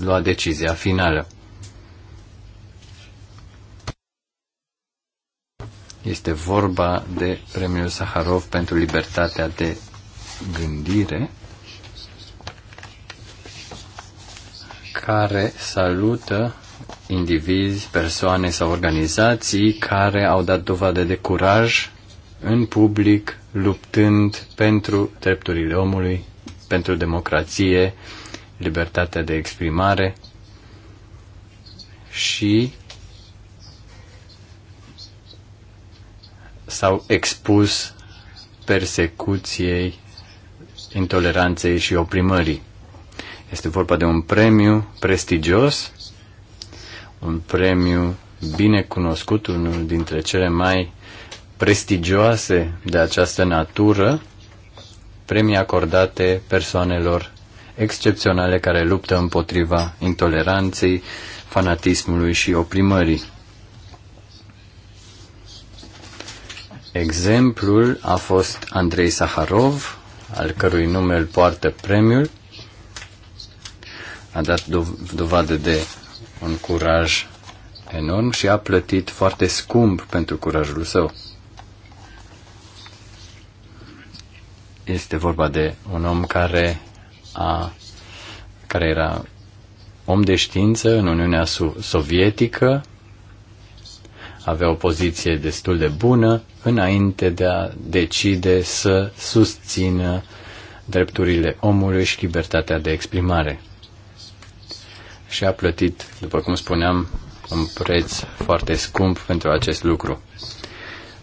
lua decizia finală. Este vorba de Premiul Saharov pentru libertatea de gândire, care salută indivizi, persoane sau organizații care au dat dovadă de curaj în public, luptând pentru drepturile omului, pentru democrație, libertatea de exprimare și s-au expus persecuției, intoleranței și oprimării. Este vorba de un premiu prestigios, un premiu bine cunoscut, unul dintre cele mai prestigioase de această natură, premii acordate persoanelor excepționale care luptă împotriva intoleranței, fanatismului și oprimării. Exemplul a fost Andrei Saharov, al cărui nume îl poartă premiul. A dat dov- dovadă de un curaj enorm și a plătit foarte scump pentru curajul său. Este vorba de un om care a, care era om de știință în Uniunea Sovietică, avea o poziție destul de bună înainte de a decide să susțină drepturile omului și libertatea de exprimare. Și a plătit, după cum spuneam, un preț foarte scump pentru acest lucru.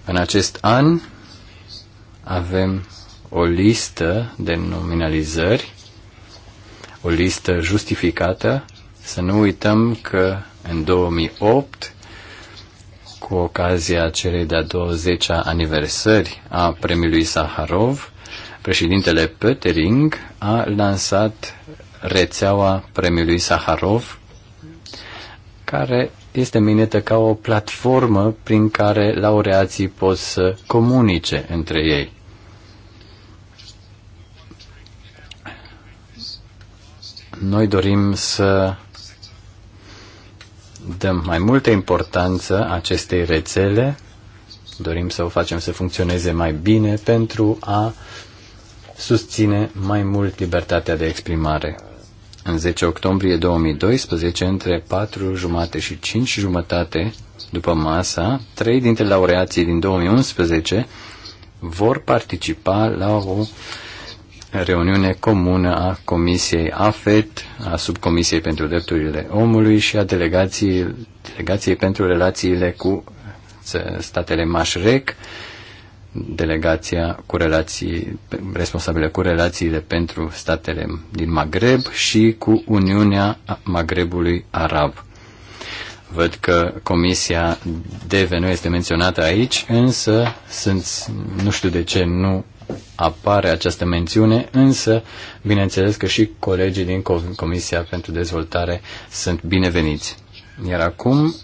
În acest an avem o listă de nominalizări o listă justificată. Să nu uităm că în 2008, cu ocazia celei de-a 20-a aniversări a premiului Saharov, președintele Pöttering a lansat rețeaua premiului Saharov, care este menită ca o platformă prin care laureații pot să comunice între ei. Noi dorim să dăm mai multă importanță acestei rețele, dorim să o facem să funcționeze mai bine pentru a susține mai mult libertatea de exprimare. În 10 octombrie 2012, între 4 jumate și 5 jumătate după masa, trei dintre laureații din 2011 vor participa la o reuniune comună a Comisiei AFET, a Subcomisiei pentru Drepturile Omului și a delegației, delegației pentru relațiile cu statele Mașrec, delegația cu relații, responsabilă cu relațiile pentru statele din Maghreb și cu Uniunea Maghrebului Arab. Văd că Comisia DV nu este menționată aici, însă sunt, nu știu de ce nu apare această mențiune, însă, bineînțeles că și colegii din Comisia pentru Dezvoltare sunt bineveniți. Iar acum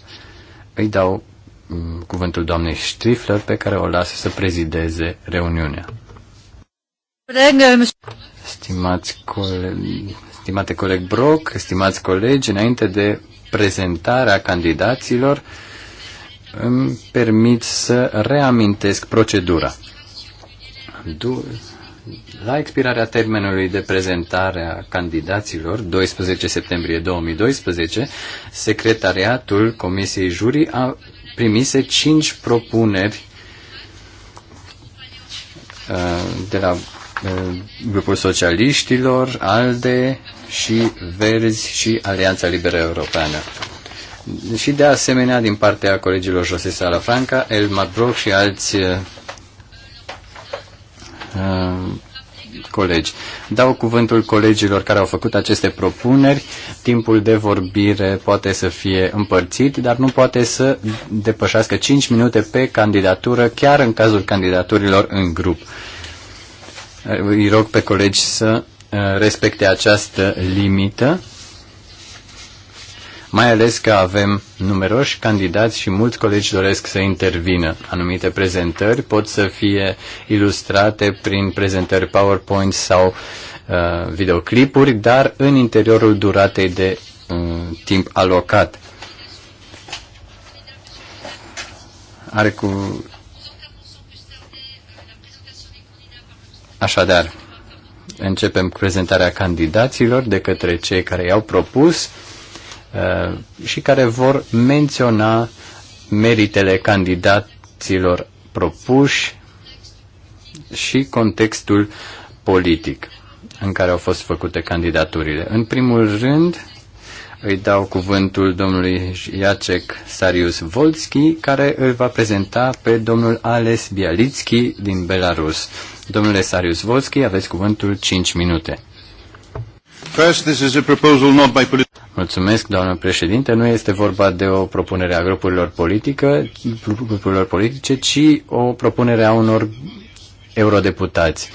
îi dau mm, cuvântul doamnei Strifler pe care o las să prezideze reuniunea. Stimați colegi, stimate coleg Brock, stimați colegi, înainte de prezentarea candidaților, îmi permit să reamintesc procedura la expirarea termenului de prezentare a candidaților, 12 septembrie 2012, secretariatul Comisiei Jurii a primise 5 propuneri uh, de la uh, grupul socialiștilor, ALDE și Verzi și Alianța Liberă Europeană. Și de asemenea din partea colegilor José Salafranca, el, Brock și alți uh, Uh, colegi. Dau cuvântul colegilor care au făcut aceste propuneri. Timpul de vorbire poate să fie împărțit, dar nu poate să depășească 5 minute pe candidatură, chiar în cazul candidaturilor în grup. Uh, îi rog pe colegi să uh, respecte această limită mai ales că avem numeroși candidați și mulți colegi doresc să intervină. Anumite prezentări pot să fie ilustrate prin prezentări PowerPoint sau uh, videoclipuri, dar în interiorul duratei de uh, timp alocat. Are cu... Așadar, începem prezentarea candidaților de către cei care i-au propus Uh, și care vor menționa meritele candidaților propuși și contextul politic în care au fost făcute candidaturile. În primul rând, îi dau cuvântul domnului Jacek Sarius Volski, care îl va prezenta pe domnul Ales Bialitski din Belarus. Domnule Sarius Volski, aveți cuvântul 5 minute. First, this is a proposal not by Mulțumesc, doamnă președinte. Nu este vorba de o propunere a grupurilor, politică, grupurilor politice, ci o propunere a unor eurodeputați.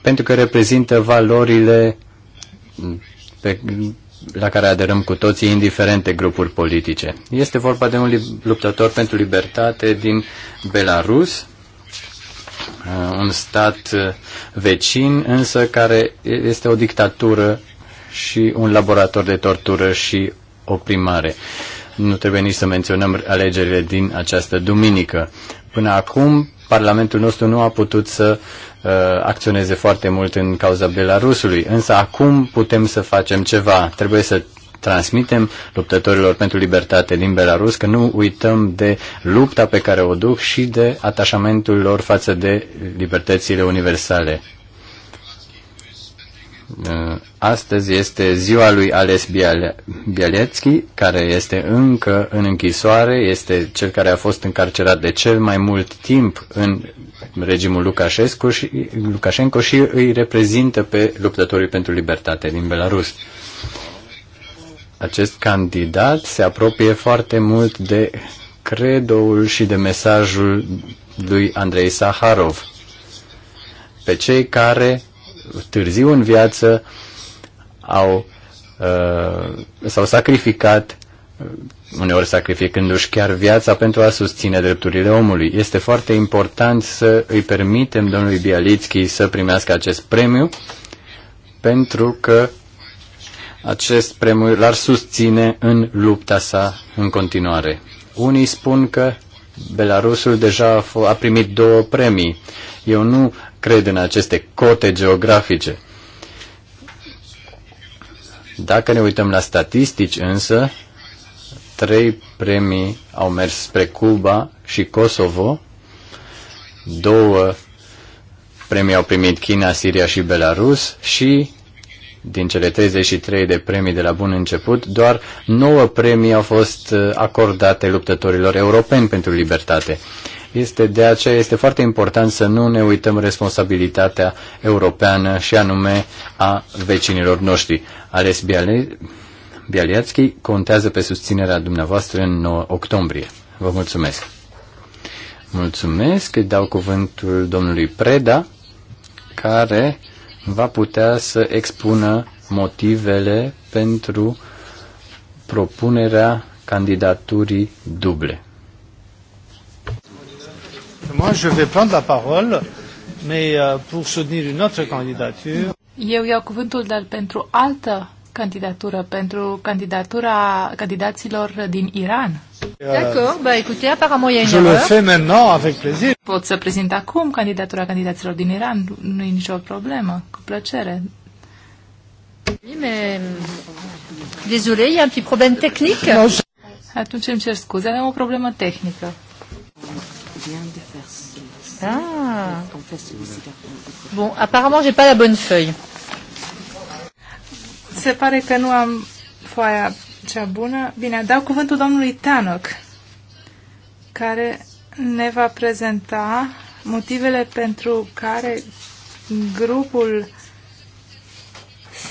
Pentru că reprezintă valorile pe, la care aderăm cu toții, indiferent de grupuri politice. Este vorba de un luptător pentru libertate din Belarus, un stat vecin, însă care este o dictatură și un laborator de tortură și oprimare. Nu trebuie nici să menționăm alegerile din această duminică. Până acum, Parlamentul nostru nu a putut să uh, acționeze foarte mult în cauza Belarusului, însă acum putem să facem ceva. Trebuie să transmitem luptătorilor pentru libertate din Belarus că nu uităm de lupta pe care o duc și de atașamentul lor față de libertățile universale. Uh, astăzi este ziua lui Ales Bialetski, care este încă în închisoare, este cel care a fost încarcerat de cel mai mult timp în regimul Lukashenko și, Lukashenko și îi reprezintă pe luptătorii pentru libertate din Belarus. Acest candidat se apropie foarte mult de credoul și de mesajul lui Andrei Saharov, pe cei care târziu în viață au, uh, s-au sacrificat, uneori sacrificându-și chiar viața pentru a susține drepturile omului. Este foarte important să îi permitem domnului Bialitski să primească acest premiu pentru că acest premiu l-ar susține în lupta sa în continuare. Unii spun că Belarusul deja a primit două premii. Eu nu cred în aceste cote geografice. Dacă ne uităm la statistici însă, trei premii au mers spre Cuba și Kosovo, două premii au primit China, Siria și Belarus și din cele 33 de premii de la bun început, doar 9 premii au fost uh, acordate luptătorilor europeni pentru libertate. Este de aceea este foarte important să nu ne uităm responsabilitatea europeană și anume a vecinilor noștri. Ales Biale... Bialiatski contează pe susținerea dumneavoastră în 9 octombrie. Vă mulțumesc! Mulțumesc, dau cuvântul domnului Preda, care va putea să expună motivele pentru propunerea candidaturii duble. Moi, je vais prendre la parole, mais euh, pour soutenir une autre candidature. Eu iau cuvântul, dar pentru altă candidatură pentru candidatura candidaților din Iran. D'accord, bah écoutez, apparemment il y a une Je le fais maintenant avec plaisir. Pot să prezint acum candidatura candidaților din Iran, nu e nicio problemă, cu plăcere. Oui, mais... Euh, désolé, il y a un petit problème technique. Atunci îmi cer scuze, avem o problemă tehnică. Ah. Bon, apparemment, j'ai pas la bonne feuille. Se pare că nu am foaia cea bună. Bine, dau cuvântul domnului Tanoc, care ne va prezenta motivele pentru care grupul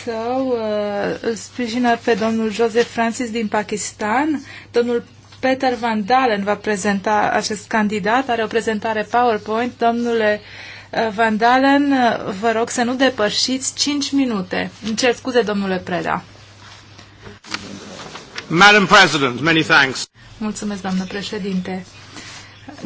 său uh, îl sprijină pe domnul Joseph Francis din Pakistan. Domnul Peter Van Dalen va prezenta acest candidat, are o prezentare PowerPoint. Domnule uh, Eh, Van Dalen, eh, vă rog să nu depășiți 5 minute. Îmi cer scuze, domnule Preda. Madam President, many thanks. Mulțumesc, doamnă președinte.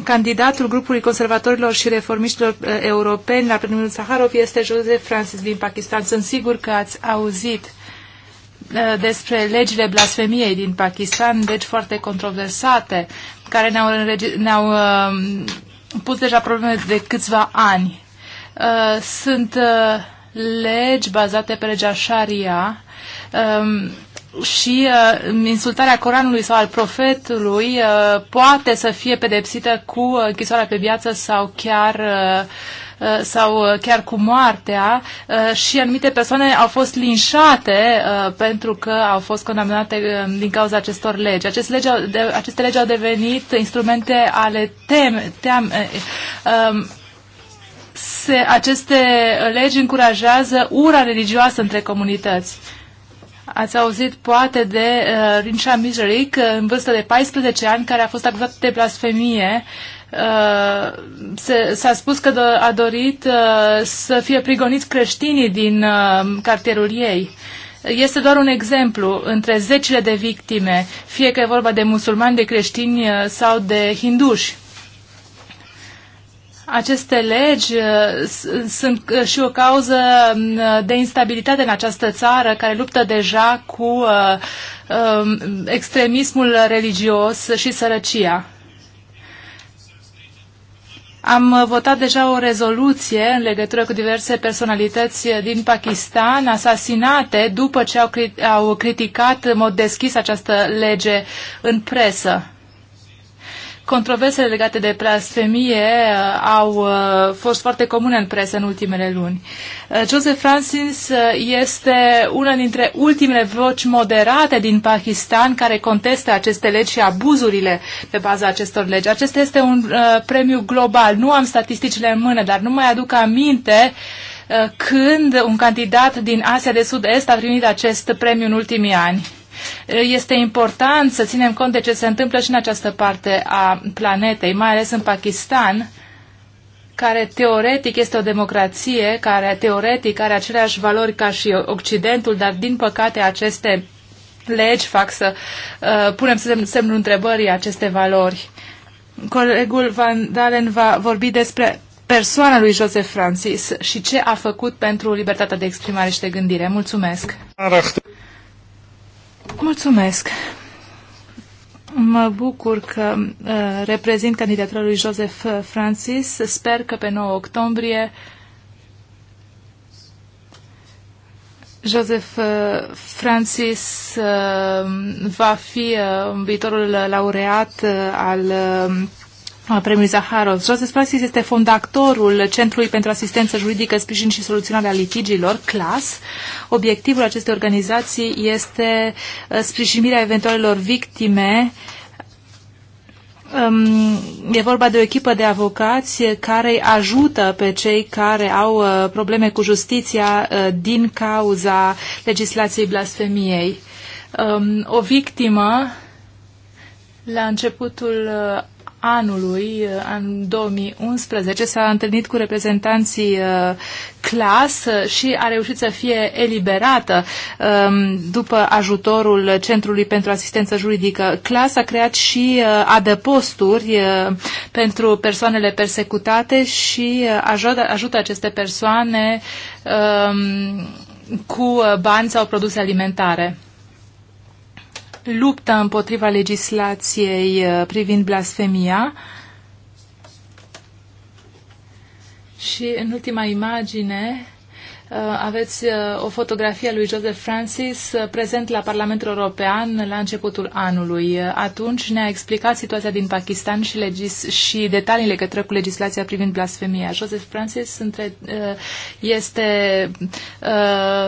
Candidatul grupului conservatorilor și reformiștilor eh, europeni la premiul Saharov este Joseph Francis din Pakistan. Sunt sigur că ați auzit despre legile blasfemiei din Pakistan, deci foarte controversate, care ne-au, ne-au pus deja probleme de câțiva ani. Uh, sunt uh, legi bazate pe legea Sharia um, și uh, insultarea Coranului sau al profetului poate să fie pedepsită cu închisoarea pe viață sau chiar Uh, sau uh, chiar cu moartea uh, și anumite persoane au fost linșate pentru că au fost condamnate din cauza acestor legi. Aceste legi au, de, aceste legi au devenit instrumente ale teme, teme, um, se, aceste legi încurajează ura religioasă între comunități. Ați auzit poate de uh, Rinsha Mizeric, în vârstă de 14 ani, care a fost acuzat de blasfemie uh, Uh, s-a spus că a dorit uh, să fie prigoniți creștinii din uh, cartierul ei. Este doar un exemplu între zecile de victime, fie că e vorba de musulmani, de creștini sau de hinduși aceste legi sunt și o cauză um, de instabilitate în această țară care luptă deja cu um, extremismul religios și sărăcia. Am uh, votat deja o rezoluție în legătură cu diverse personalități uh, din Pakistan asasinate după ce au, criticat în mod deschis această lege în presă. Controversele legate de blasfemie uh, au uh, fost foarte comune în presă în ultimele luni. Uh, Joseph Francis este una dintre ultimele voci moderate din Pakistan care contestă aceste legi și abuzurile pe baza acestor legi. Acesta este un premiu global. Nu am statisticile în mână, dar nu mai aduc aminte când un candidat din Asia de Sud-Est a primit acest premiu în ultimii ani. Este important să ținem cont de ce se întâmplă și în această parte a planetei, mai ales în Pakistan, care teoretic este o democrație, care teoretic are aceleași valori ca și Occidentul, dar din păcate aceste legi fac să uh, punem semn, semnul întrebării aceste valori. Colegul Van Dalen va vorbi despre persoana lui Joseph Francis și ce a făcut pentru libertatea de exprimare și de gândire. Mulțumesc! Aracht. Mulțumesc! Mă bucur că uh, reprezint candidatura lui Joseph Francis. Sper că pe 9 octombrie Joseph uh, Francis uh, va fi uh, viitorul laureat uh, al uh, premiu Zaharov. Joseph Praxis este fondatorul Centrului pentru Asistență Juridică, Sprijin și Soluționarea Litigilor, CLAS. Obiectivul acestei organizații este uh, sprijinirea eventualelor victime um, e vorba de o echipă de avocați care îi ajută pe cei care au uh, probleme cu justiția uh, din cauza legislației blasfemiei. Um, o victimă la începutul anului, în 2011, s-a întâlnit cu reprezentanții uh, clas și a reușit să fie eliberată um, după ajutorul Centrului pentru Asistență Juridică. Clas a creat și uh, adăposturi uh, pentru persoanele persecutate și ajută, ajută aceste persoane um, cu bani sau produse alimentare lupta împotriva legislației uh, privind blasfemia. Și în ultima imagine Uh, aveți uh, o fotografie a lui Joseph Francis uh, prezent la Parlamentul European la începutul anului. Atunci ne-a explicat situația din Pakistan și, legis- și detaliile către cu legislația privind blasfemia. Joseph Francis între, este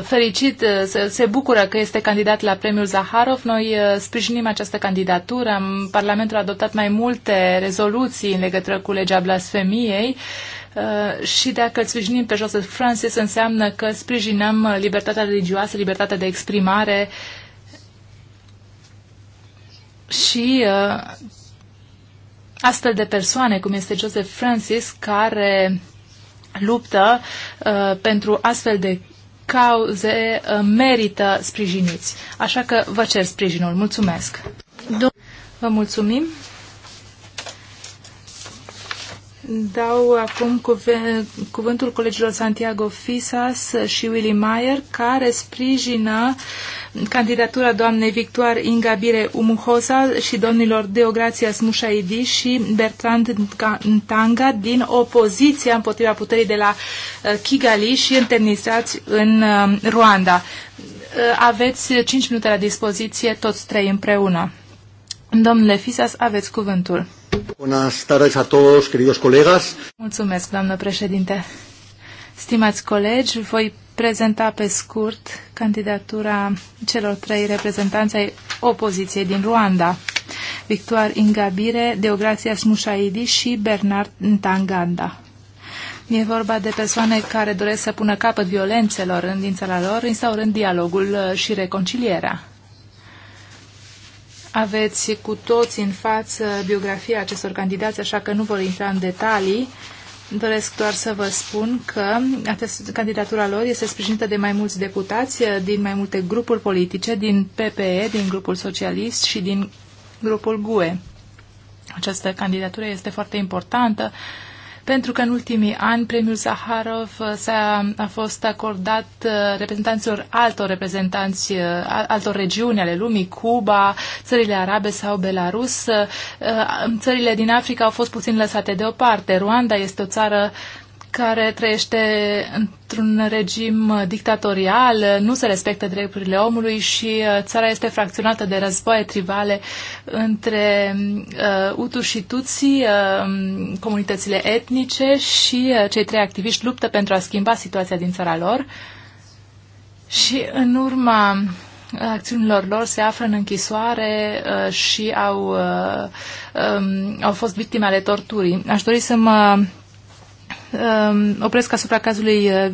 fericit, se bucură că este candidat la premiul Zaharov. Noi sprijinim această candidatură. Parlamentul a adoptat mai multe rezoluții în legătură cu legea blasfemiei Uh, și dacă îl sprijinim pe Joseph Francis, înseamnă că sprijinăm libertatea religioasă, libertatea de exprimare și uh, astfel de persoane, cum este Joseph Francis, care luptă uh, pentru astfel de cauze merită sprijiniți. Așa că vă cer sprijinul. Mulțumesc! Vă mulțumim! Dau acum cuvântul colegilor Santiago Fisas și Willy Mayer, care sprijină candidatura doamnei Victoar Ingabire Umuhosa și domnilor Deograția Smușaidi și Bertrand Ntanga din opoziția împotriva puterii de la uh, Kigali și internizați în uh, Ruanda. Uh, aveți 5 minute la dispoziție, toți trei împreună. Domnule Fisas, aveți cuvântul. Buenas tardes a todos, queridos colegas. Mulțumesc, doamnă președinte. Stimați colegi, voi prezenta pe scurt candidatura celor trei reprezentanți ai opoziției din Ruanda, Victor Ingabire, Deogracia Smușaidi și Bernard Ntanganda. E vorba de persoane care doresc să pună capăt violențelor în din lor, instaurând dialogul și reconcilierea. Aveți cu toți în față biografia acestor candidați, așa că nu vor intra în detalii. Doresc doar să vă spun că această candidatura lor este sprijinită de mai mulți deputați din mai multe grupuri politice, din PPE, din grupul socialist și din grupul GUE. Această candidatură este foarte importantă pentru că în ultimii ani premiul Saharov uh, s-a, a fost acordat uh, reprezentanților altor reprezentanți, uh, altor regiuni ale lumii, Cuba, țările arabe sau Belarus. Țările din Africa au fost puțin lăsate deoparte. Rwanda este o țară care trăiește într-un regim uh, dictatorial, uh, nu se respectă drepturile omului și uh, țara este fracționată de războaie tribale între uh, Utu și Tutsi, uh, comunitățile etnice și uh, cei trei activiști luptă pentru a schimba situația din țara lor. Și în urma acțiunilor lor se află în închisoare uh, și au, uh, um, au fost victime ale torturii. Aș dori să mă Um, opresc asupra cazului uh,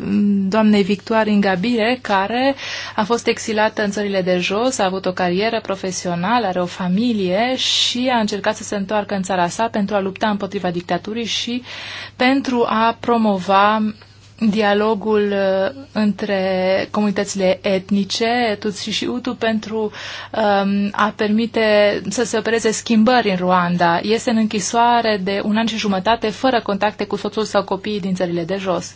doamnei Victoire Ingabire, care a fost exilată în țările de jos, a avut o carieră profesională, are o familie și a încercat să se întoarcă în țara sa pentru a lupta împotriva dictaturii și pentru a promova dialogul uh, între comunitățile etnice, Tutsi și Utu, pentru um, a permite să se opereze schimbări în Ruanda. Este în închisoare de un an și jumătate, fără contacte cu soțul sau copiii din țările de jos.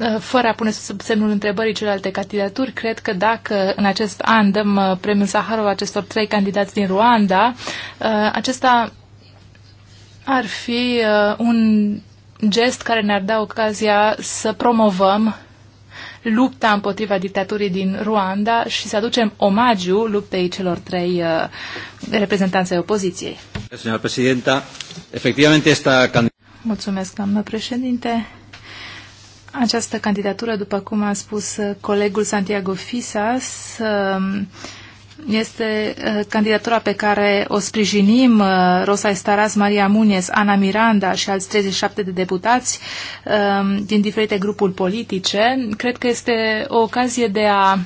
Uh, fără a pune sub semnul întrebării celelalte candidaturi, cred că dacă în acest an dăm uh, premiul Saharov acestor trei candidați din Ruanda, uh, acesta ar fi uh, un gest care ne-ar da ocazia să promovăm lupta împotriva dictaturii din Ruanda și să aducem omagiu luptei celor trei reprezentanți uh, reprezentanțe opoziției. Mulțumesc, doamnă președinte. Această candidatură, după cum a spus uh, colegul Santiago Fisas, uh, um, este uh, candidatura pe care o sprijinim uh, Rosa Estaraz, Maria Munez, Ana Miranda și alți 37 de deputați um, din diferite grupuri politice. Cred că este o ocazie de a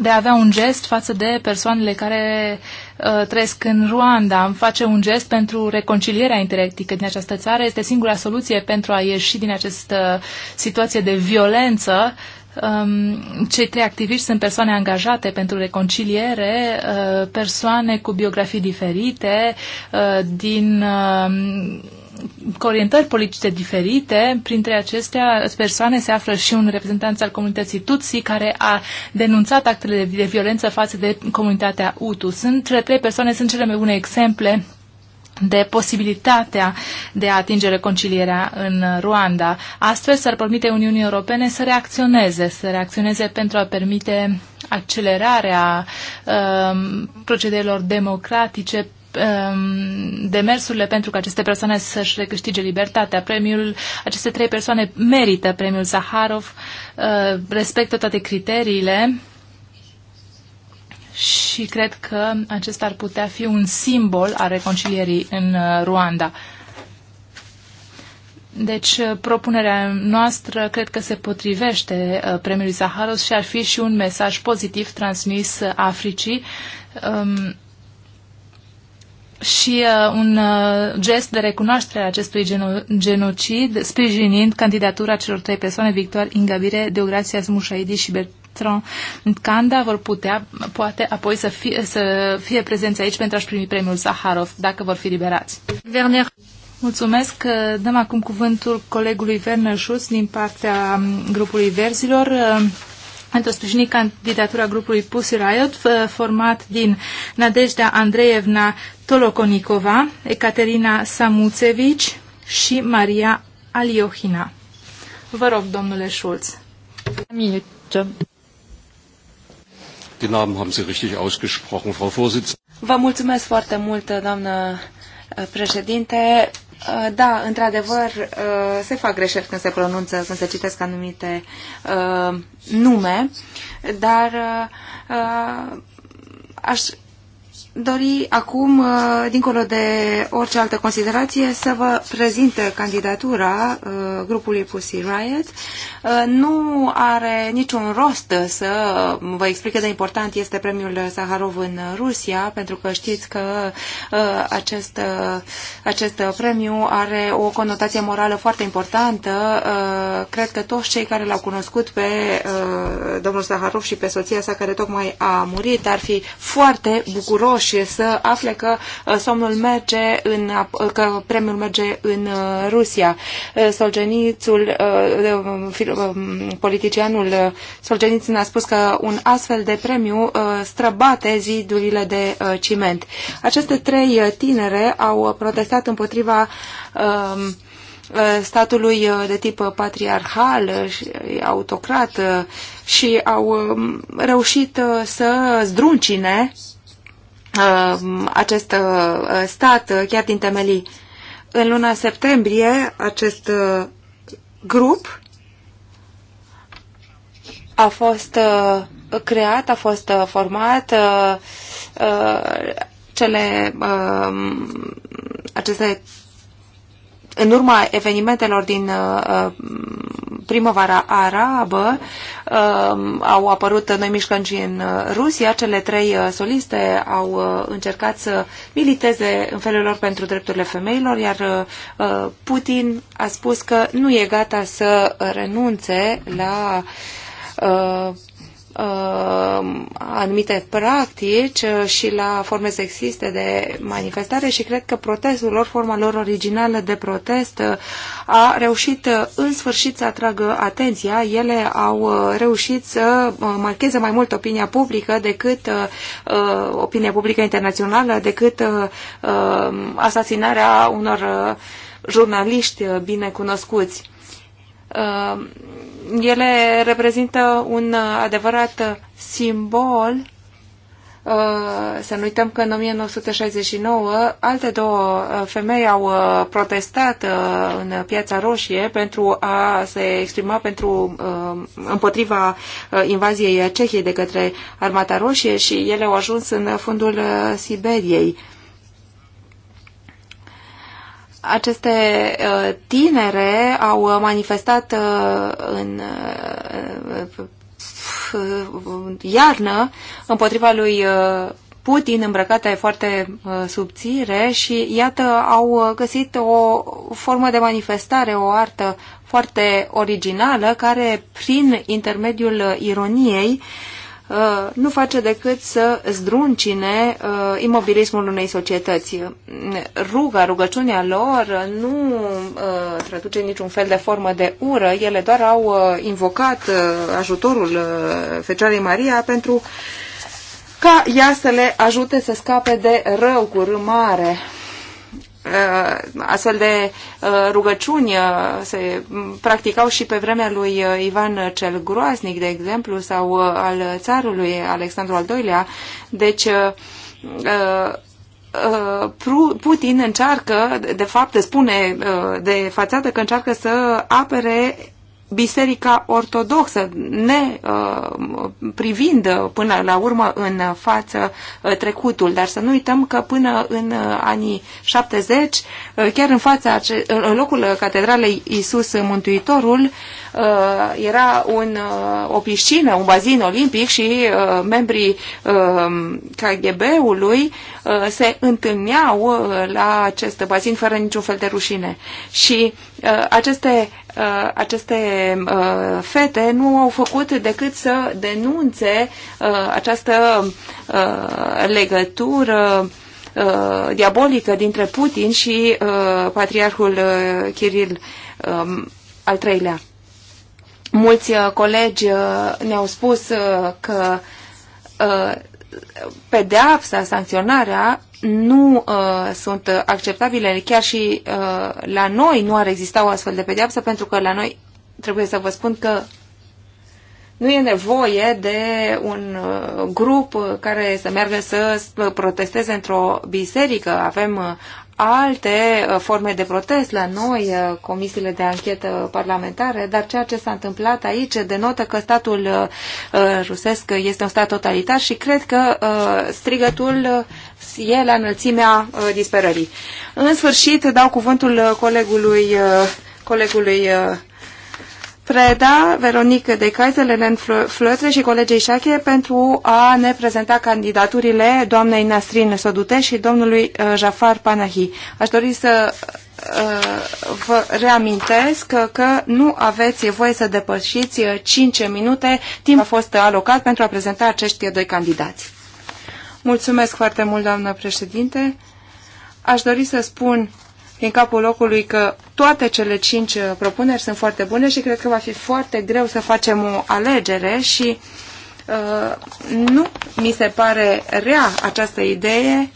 de a avea un gest față de persoanele care uh, trăiesc în Ruanda. Îmi face un gest pentru reconcilierea interetnică din această țară. Este singura soluție pentru a ieși din această uh, situație de violență uh, Um, cei trei activiști sunt persoane angajate pentru reconciliere, uh, persoane cu biografii diferite, uh, din um, cu orientări politice diferite. Printre acestea persoane se află și un reprezentant al comunității Tutsi care a denunțat actele de, de violență față de comunitatea UTU. Sunt, cele trei persoane sunt cele mai bune exemple de posibilitatea de a atinge reconcilierea în Ruanda. Astfel s-ar permite Uniunii Europene să reacționeze, să reacționeze pentru a permite accelerarea um, procedurilor democratice um, demersurile pentru ca aceste persoane să-și recâștige libertatea. Premiul, aceste trei persoane merită premiul Zaharov, uh, respectă toate criteriile și cred că acesta ar putea fi un simbol al reconcilierii în uh, Ruanda. Deci, uh, propunerea noastră cred că se potrivește uh, premiului Zaharos și ar fi și un mesaj pozitiv transmis Africii um, și uh, un uh, gest de recunoaștere a acestui geno genocid, sprijinind candidatura celor trei persoane, Victor Ingabire, Deograția Zmușaidi și Bert. Canda vor putea, poate, apoi să fie, să fie prezenți aici pentru a-și primi premiul Zaharov, dacă vor fi liberați. Werner. Mulțumesc. Dăm acum cuvântul colegului Werner Schulz din partea um, grupului Verzilor um, pentru a sprijini candidatura grupului Pussy Riot, format din Nadejda Andreevna Tolokonikova, Ecaterina Samuțevici și Maria Aliohina. Vă rog, domnule Schulz. Minut. Den Namen haben Sie richtig ausgesprochen, Frau Vorsitzende. Vă mulțumesc foarte mult, doamnă uh, președinte. Uh, da, într-adevăr, uh, se fac greșeli când se pronunță, când se citesc anumite nume, dar aș dori acum, uh, dincolo de orice altă considerație, să vă prezint candidatura uh, grupului Pussy Riot. Uh, nu are niciun rost să vă explic cât de important este premiul Saharov în Rusia, pentru că știți că acest, acest premiu are o conotație morală foarte importantă. Cred că toți cei care l-au cunoscut pe domnul Saharov și pe soția sa, care tocmai a murit, ar fi foarte bucuroși și să afle că uh, somnul merge în, uh, că premiul merge în uh, Rusia. Solgenițul, um, um, politicianul ne a spus că un astfel de premiu străbate zidurile de ciment. Aceste trei tinere au protestat împotriva um, statului de tip patriarhal și autocrat și au reușit să zdruncine Uh, acest uh, stat uh, chiar din temelii. În luna septembrie, acest grup a fost creat, a fost format. Cele, aceste în urma evenimentelor din uh, uh, primăvara arabă uh, au apărut noi mișcănci în Rusia. Cele trei soliste au încercat să militeze în felul lor pentru drepturile femeilor, iar Putin a spus că nu e gata să renunțe la Uh, anumite practici uh, și la forme sexiste de manifestare și cred că protestul lor, forma lor originală de protest, uh, a reușit în sfârșit să atragă atenția. Ele au reușit să marcheze mai mult opinia publică decât opinia publică internațională, decât asasinarea unor jurnaliști binecunoscuți ele reprezintă un adevărat simbol uh, să nu uităm că în 1969 alte două uh, femei au uh, protestat în Piața Roșie pentru a se exprima pentru, împotriva invaziei Cehiei de către Armata Roșie și ele au ajuns în fundul Siberiei aceste uh, tinere au uh, manifestat uh, în iarnă împotriva lui Putin îmbrăcate foarte subțire și iată au găsit o formă de manifestare, o artă foarte originală care prin intermediul ironiei uh, Uh, nu face decât să zdruncine uh, imobilismul unei societăți. Ruga, rugăciunea lor nu uh, traduce niciun fel de formă de ură, ele doar au invocat ajutorul Fecioarei Maria pentru ca ea să le ajute să scape de rău cu râmare. Uh, astfel de uh, rugăciuni uh, se practicau și pe vremea lui Ivan cel Groaznic, de exemplu, sau al țarului Alexandru al II-lea. Deci, Putin încearcă, de fapt, spune de fațadă că încearcă să apere Biserica Ortodoxă, ne uh, privind până la urmă în față uh, trecutul, dar să nu uităm că până în uh, anii 70, uh, chiar în fața, în locul Catedralei Isus Mântuitorul, uh, era un, uh, o piscină, un bazin olimpic și membrii KGB-ului se întâlneau la acest bazin fără niciun fel de rușine. Și Uh, aceste, uh, aceste uh, fete nu au făcut decât să denunțe această legătură diabolică dintre Putin și patriarhul Kiril um, al treilea. Mulți colegi ne-au spus că pedeapsa, sancționarea nu uh, sunt acceptabile. Chiar și uh, la noi nu ar exista o astfel de pedeapsă, pentru că la noi trebuie să vă spun că nu e nevoie de un uh, grup care să meargă să protesteze într-o biserică. Avem uh, alte uh, forme de protest la noi, uh, comisiile de anchetă parlamentare, dar ceea ce s-a întâmplat aici denotă că statul uh, rusesc este un stat totalitar și cred că uh, strigătul e la înălțimea uh, disperării. În sfârșit, dau cuvântul uh, colegului, uh, colegului Preda, Veronica de Kaiser, Lelen Flătre și colegei Șache pentru a ne prezenta candidaturile doamnei Nastrin Sodute și domnului Jafar Panahi. Aș dori să vă reamintesc că, că nu aveți voie să depășiți 5 minute. Timp a fost alocat pentru a prezenta acești doi candidați. Mulțumesc foarte mult, doamnă președinte. Aș dori să spun din capul locului că toate cele cinci uh, propuneri sunt foarte bune și cred că va fi foarte greu să facem o alegere și uh, nu mi se pare rea această idee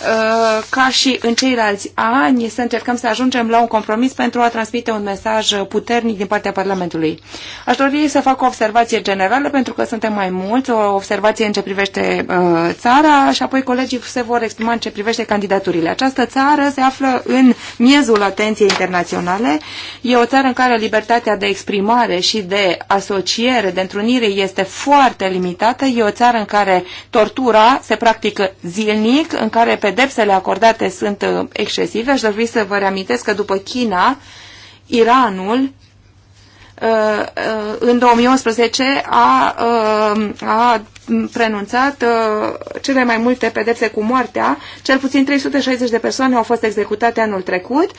Uh, ca și în ceilalți ani, să încercăm să ajungem la un compromis pentru a transmite un mesaj puternic din partea Parlamentului. Aș dori să fac o observație generală, pentru că suntem mai mulți, o observație în ce privește uh, țara și apoi colegii se vor exprima în ce privește candidaturile. Această țară se află în miezul atenției internaționale. E o țară în care libertatea de exprimare și de asociere, de întrunire este foarte limitată. E o țară în care tortura se practică zilnic, în care pedepsele acordate sunt uh, excesive. Aș dori să vă reamintesc că după China, Iranul Uh, în 2011 a, uh, a prenunțat uh, cele mai multe pedepse cu moartea. Cel puțin 360 de persoane au fost executate anul trecut.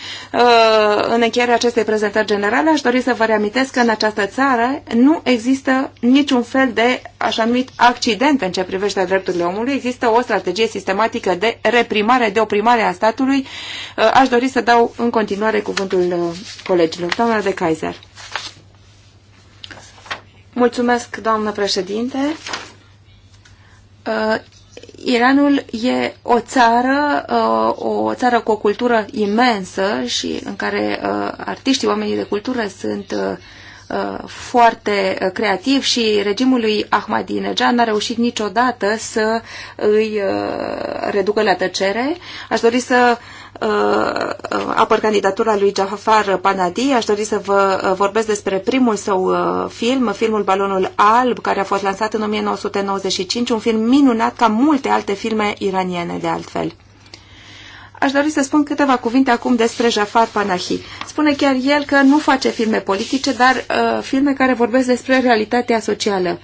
În încheierea acestei prezentări generale aș dori să vă reamintesc că în această țară nu există niciun fel de așa numit accident în ce privește drepturile omului. Există o strategie sistematică de reprimare, de oprimare a statului. Aș dori să dau în continuare cuvântul colegilor. Doamna de Kaiser. Mulțumesc, doamnă președinte. Uh, Iranul e o țară, uh, o țară cu o cultură imensă și în care uh, artiștii, oamenii de cultură sunt foarte creativ și regimul lui Ahmadinejad n-a reușit niciodată să îi reducă la tăcere. Aș dori să Uh, uh, apăr candidatura lui Jafar Panadi. Aș dori să vă uh, vorbesc despre primul său film, filmul Balonul Alb, care a fost lansat în 1995, un film minunat ca multe alte filme iraniene de altfel. Aș dori să spun câteva cuvinte acum despre Jafar Panahi. Spune chiar el că nu face filme politice, dar uh, filme care vorbesc despre realitatea socială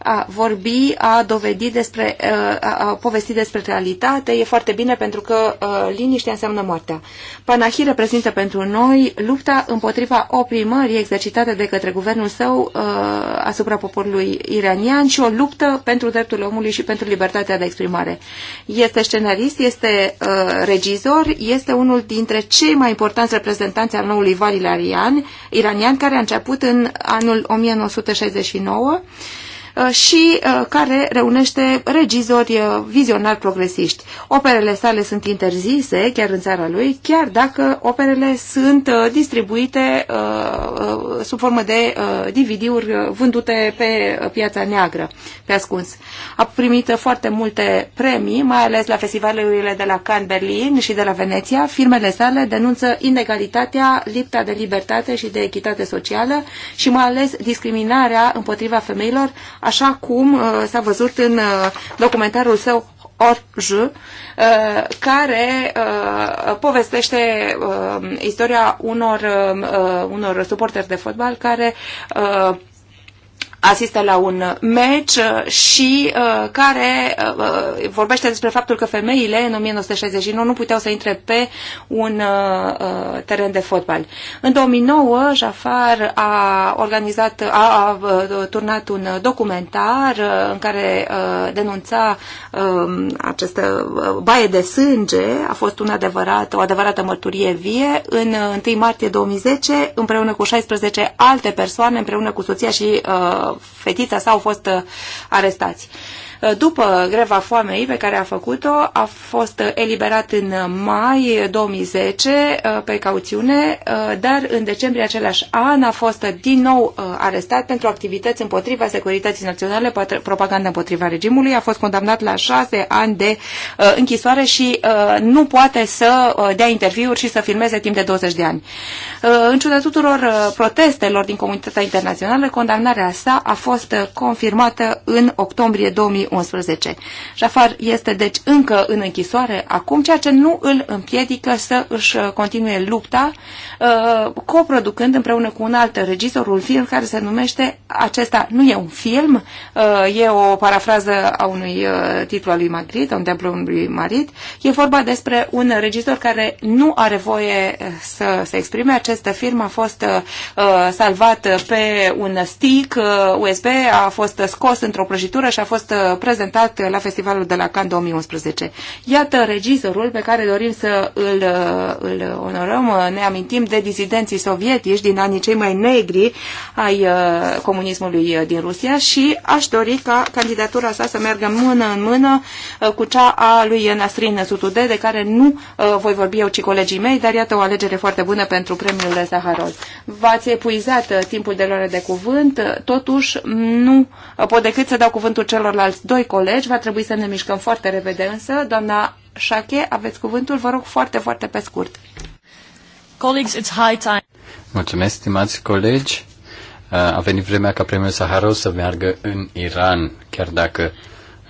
a vorbi, a dovedi despre, uh, a povesti despre realitate e foarte bine pentru că uh, liniștea înseamnă moartea. Panahi reprezintă pentru noi lupta împotriva oprimării exercitate de către guvernul său uh, asupra poporului iranian și o luptă pentru dreptul omului și pentru libertatea de exprimare. Este scenarist, este regizor, este unul dintre cei mai importanți reprezentanți al noului valilarian, iranian, iranian care a început în anul 1969 Uh, și uh, care reunește regizori uh, vizionari progresiști. Operele sale sunt interzise chiar în țara lui, chiar dacă operele sunt distribuite sub formă de DVD-uri vândute pe piața neagră, pe ascuns. A primit foarte multe premii, mai ales la festivalurile de la Cannes, Berlin și de la Veneția. Firmele sale denunță inegalitatea, lipta de libertate și de echitate socială și mai ales discriminarea împotriva femeilor, așa cum uh, s-a văzut în uh, documentarul său Orj, uh, care povestește istoria unor, unor suporteri de fotbal care asistă la un match uh, și uh, care uh, uh, vorbește despre faptul că femeile în 1969 nu puteau să intre pe un uh, uh teren de fotbal. În 2009, Jafar a organizat, a, a turnat un documentar uh, în care uh, denunța um, uh, această baie de sânge. A fost un adevărat, o adevărată mărturie vie. În 1 martie 2010, împreună cu 16 alte persoane, împreună cu soția și uh, fetița sa au fost uh, arestați. Uh, după greva foamei pe care a făcut-o, a fost uh, eliberat în uh, mai 2010 pe cauțiune, dar în decembrie același an a fost din nou arestat pentru activități împotriva securității naționale, propaganda împotriva regimului, a fost condamnat la șase ani de închisoare și nu poate să dea interviuri și să filmeze timp de 20 de ani. În ciuda tuturor protestelor din comunitatea internațională, condamnarea sa a fost confirmată în octombrie 2000 2011. Jafar este deci încă în închisoare acum, ceea ce nu îl împiedică să își uh, continue lupta, uh, coproducând împreună cu un alt regizor un film care se numește Acesta nu e un film, uh, e o parafrază a unui titlu al lui Magritte, un templu lui Marit. E vorba despre un regizor care nu are voie să se exprime. Acest film a fost salvat pe un stick USB, a fost scos într-o prăjitură și a fost prezentat la festivalul de la Cannes 2011. Iată regizorul pe care dorim să îl, îl onorăm. Ne amintim de dizidenții sovietici din anii cei mai negri ai uh, comunismului uh, din Rusia și aș dori ca candidatura sa să meargă mână în mână uh, cu cea a lui Nasrin Sutude, de care nu voi vorbi eu, ci colegii mei, dar iată o alegere foarte bună pentru premiul de Zaharov. V-ați epuizat timpul de luare de cuvânt, totuși nu pot decât să dau cuvântul celorlalți doi colegi, va trebui să ne mișcăm foarte repede însă. Doamna Șache, aveți cuvântul, vă rog foarte, foarte pe scurt. Colleagues, it's high time. Mulțumesc, stimați colegi. Uh, a venit vremea ca premiul Saharov să meargă în Iran, chiar dacă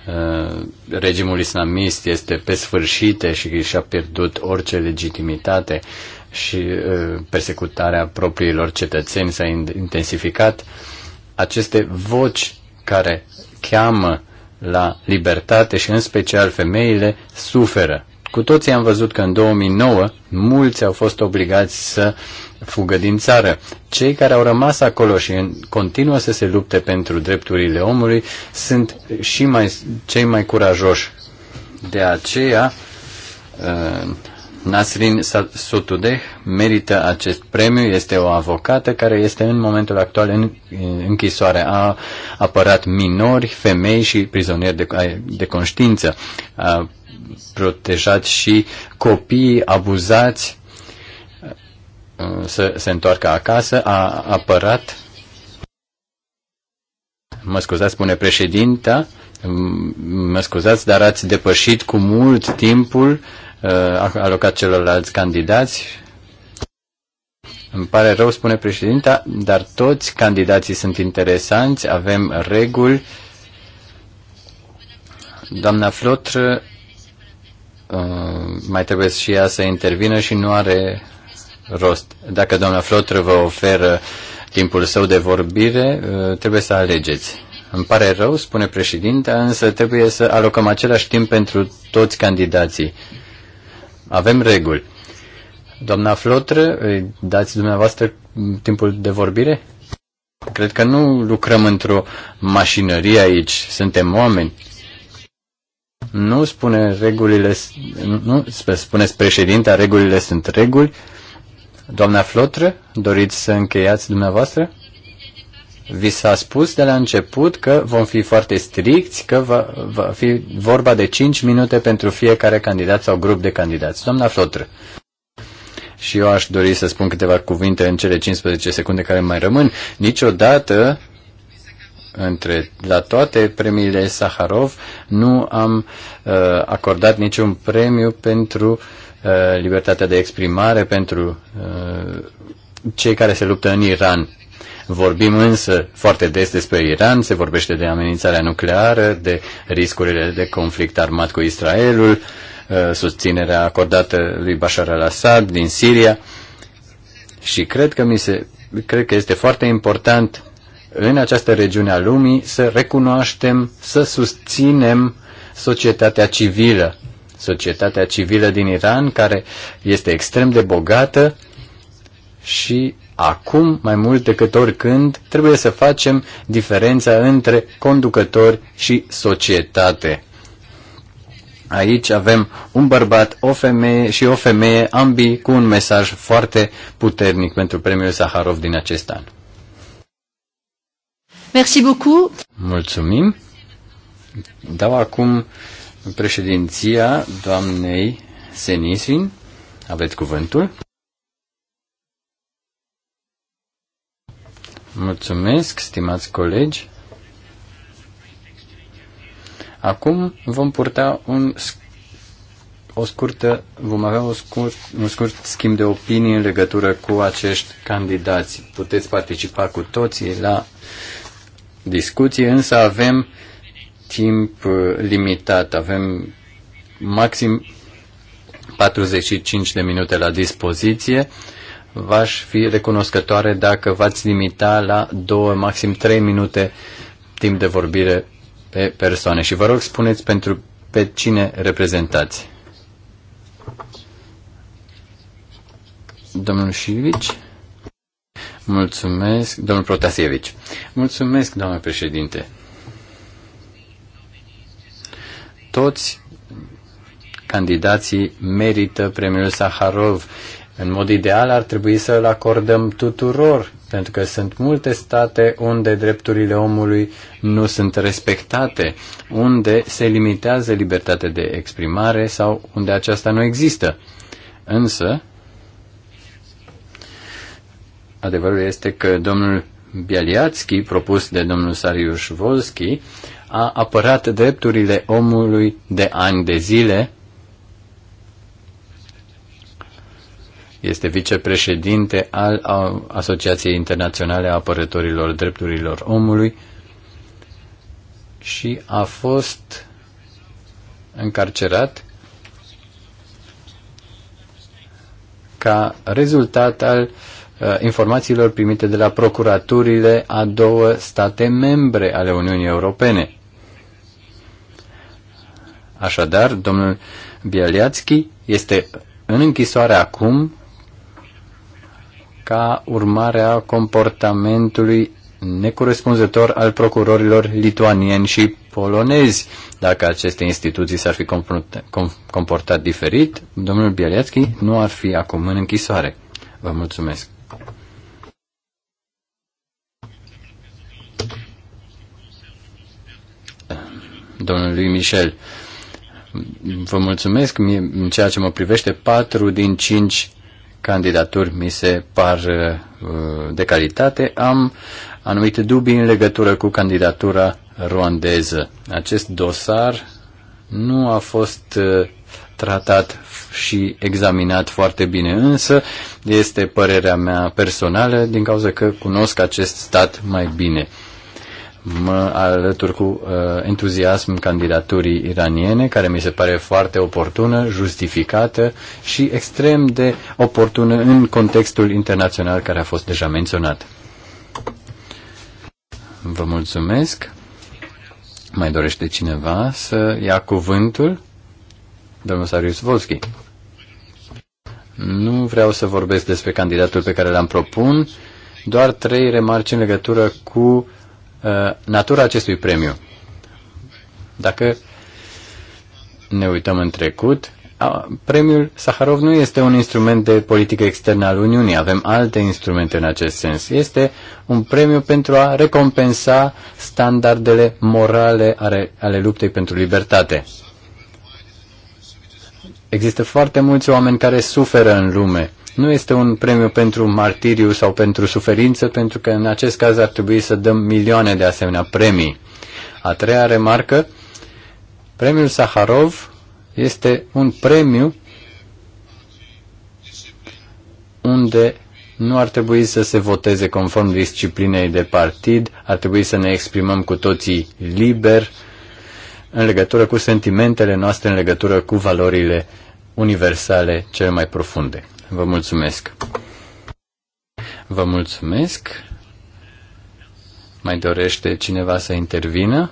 uh, regimul islamist este pe sfârșite și și-a pierdut orice legitimitate și uh, persecutarea propriilor cetățeni s-a intensificat. Aceste voci care cheamă la libertate și în special femeile suferă. Cu toții am văzut că în 2009 mulți au fost obligați să fugă din țară. Cei care au rămas acolo și în, continuă să se lupte pentru drepturile omului sunt și mai, cei mai curajoși. De aceea, uh, Nasrin Sotudeh merită acest premiu, este o avocată care este în momentul actual în închisoare. A apărat minori, femei și prizonieri de, de conștiință. A protejat și copiii abuzați să se întoarcă acasă. A apărat, mă scuzați, spune președinta, mă scuzați, dar ați depășit cu mult timpul uh, Uh, alocat celorlalți candidați. Îmi pare rău, spune președinta, dar toți candidații sunt interesanți, avem reguli. Doamna Flotr uh, mai trebuie și ea să intervină și nu are rost. Dacă doamna Flotr vă oferă timpul său de vorbire, uh, trebuie să alegeți. Îmi pare rău, spune președinta, însă trebuie să alocăm același timp pentru toți candidații. Avem reguli. Doamna Flotră, îi dați dumneavoastră timpul de vorbire? Cred că nu lucrăm într-o mașinărie aici, suntem oameni. Nu spune regulile, nu spuneți președinta, regulile sunt reguli. Doamna Flotră, doriți să încheiați dumneavoastră? Vi s-a spus de la început că vom fi foarte stricți, că va, va fi vorba de 5 minute pentru fiecare candidat sau grup de candidați. Doamna Flotră. Și eu aș dori să spun câteva cuvinte în cele 15 secunde care mai rămân. Niciodată între la toate premiile Saharov nu am uh, acordat niciun premiu pentru uh, libertatea de exprimare, pentru uh, cei care se luptă în Iran Vorbim însă foarte des despre Iran, se vorbește de amenințarea nucleară, de riscurile de conflict armat cu Israelul, uh, susținerea acordată lui Bashar al-Assad din Siria și cred că, mi se, cred că este foarte important în această regiune a lumii să recunoaștem, să susținem societatea civilă. Societatea civilă din Iran, care este extrem de bogată și Acum, mai mult decât oricând, trebuie să facem diferența între conducători și societate. Aici avem un bărbat o femeie și o femeie, ambii cu un mesaj foarte puternic pentru premiul Saharov din acest an. Merci beaucoup. Mulțumim. Dau acum președinția doamnei Senisin. Aveți cuvântul. Mulțumesc, stimați colegi. Acum vom purta un, o scurtă, vom avea o scurt, un scurt schimb de opinii în legătură cu acești candidați. Puteți participa cu toții la discuție, însă avem timp uh, limitat, avem maxim 45 de minute la dispoziție v-aș fi recunoscătoare dacă v-ați limita la două, maxim trei minute timp de vorbire pe persoane. Și vă rog, spuneți pentru pe cine reprezentați. Domnul Șivici? Mulțumesc, domnul Protasievici. Mulțumesc, doamnă președinte. Toți candidații merită premiul Saharov în mod ideal ar trebui să-l acordăm tuturor, pentru că sunt multe state unde drepturile omului nu sunt respectate, unde se limitează libertatea de exprimare sau unde aceasta nu există. Însă, adevărul este că domnul Bialiatski, propus de domnul Sariuș Volski, a apărat drepturile omului de ani de zile este vicepreședinte al Asociației Internaționale a Apărătorilor Drepturilor Omului și a fost încarcerat ca rezultat al informațiilor primite de la procuraturile a două state membre ale Uniunii Europene. Așadar, domnul Bialiatski este în închisoare acum ca urmare a comportamentului necorespunzător al procurorilor lituanieni și polonezi. Dacă aceste instituții s-ar fi comportat diferit, domnul Bieliatski nu ar fi acum în închisoare. Vă mulțumesc. Domnului Michel, vă mulțumesc. în ceea ce mă privește, patru din cinci candidaturi mi se par uh, de calitate, am anumite dubii în legătură cu candidatura ruandeză. Acest dosar nu a fost uh, tratat și examinat foarte bine, însă este părerea mea personală din cauza că cunosc acest stat mai bine mă alătur cu uh, entuziasm candidaturii iraniene, care mi se pare foarte oportună, justificată și extrem de oportună în contextul internațional care a fost deja menționat. Vă mulțumesc. Mai dorește cineva să ia cuvântul? Domnul Sarius Volski. Nu vreau să vorbesc despre candidatul pe care l-am propun, doar trei remarci în legătură cu uh, Uh, natura acestui premiu. Dacă ne uităm în trecut, premiul Saharov nu este un instrument de politică externă al Uniunii, avem alte instrumente în acest sens. Este un premiu pentru a recompensa standardele morale ale, ale luptei pentru libertate. Există foarte mulți oameni care suferă în lume nu este un premiu pentru martiriu sau pentru suferință, pentru că în acest caz ar trebui să dăm milioane de asemenea premii. A treia remarcă, premiul Saharov este un premiu unde nu ar trebui să se voteze conform disciplinei de partid, ar trebui să ne exprimăm cu toții liber în legătură cu sentimentele noastre, în legătură cu valorile universale cele mai profunde. Vă mulțumesc. Vă mulțumesc. Mai dorește cineva să intervină?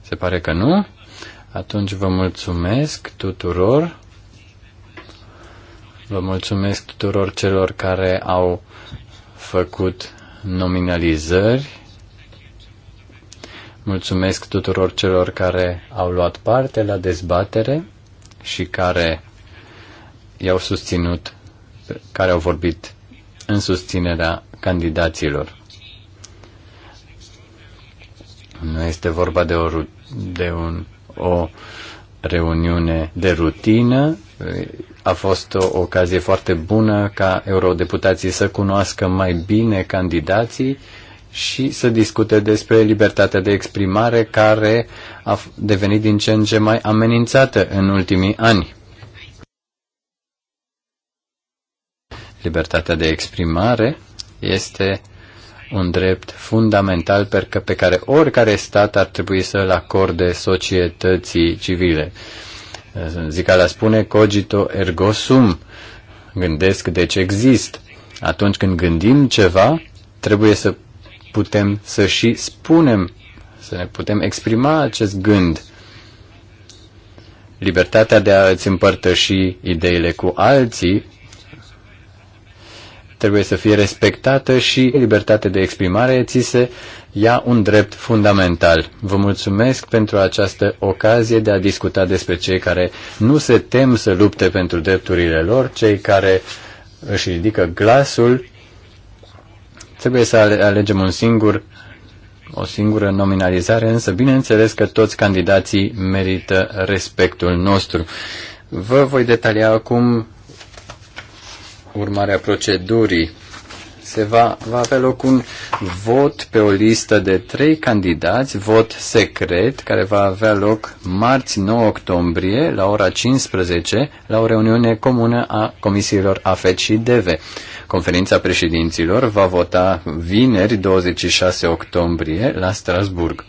Se pare că nu. Atunci vă mulțumesc tuturor. Vă mulțumesc tuturor celor care au făcut nominalizări Mulțumesc tuturor celor care au luat parte la dezbatere și care i-au susținut, care au vorbit în susținerea candidaților. Nu este vorba de o, de un, o reuniune de rutină. A fost o ocazie foarte bună ca eurodeputații să cunoască mai bine candidații și să discute despre libertatea de exprimare care a devenit din ce în ce mai amenințată în ultimii ani. Libertatea de exprimare este un drept fundamental pe care oricare stat ar trebui să-l acorde societății civile. Zicala spune cogito ergo sum, gândesc deci exist. Atunci când gândim ceva, trebuie să putem să și spunem, să ne putem exprima acest gând. Libertatea de a ți împărtăși ideile cu alții trebuie să fie respectată și libertatea de exprimare ți se ia un drept fundamental. Vă mulțumesc pentru această ocazie de a discuta despre cei care nu se tem să lupte pentru drepturile lor, cei care își ridică glasul Trebuie să alegem un singur, o singură nominalizare, însă bineînțeles că toți candidații merită respectul nostru. Vă voi detalia acum urmarea procedurii. Se va, va avea loc un vot pe o listă de trei candidați, vot secret, care va avea loc marți 9 octombrie la ora 15 la o reuniune comună a comisiilor AFET și DV. Conferința președinților va vota vineri 26 octombrie la Strasburg.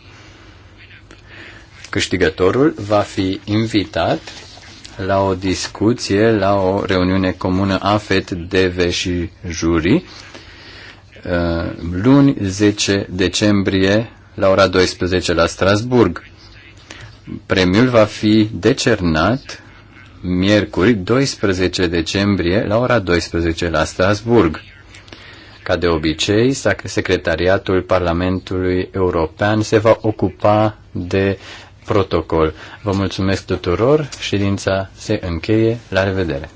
Câștigătorul va fi invitat la o discuție, la o reuniune comună AFET, DV și juri, uh, luni 10 decembrie la ora 12 la Strasburg. Premiul va fi decernat miercuri, 12 decembrie, la ora 12 la Strasburg. Ca de obicei, Secretariatul Parlamentului European se va ocupa de protocol. Vă mulțumesc tuturor, ședința se încheie, la revedere!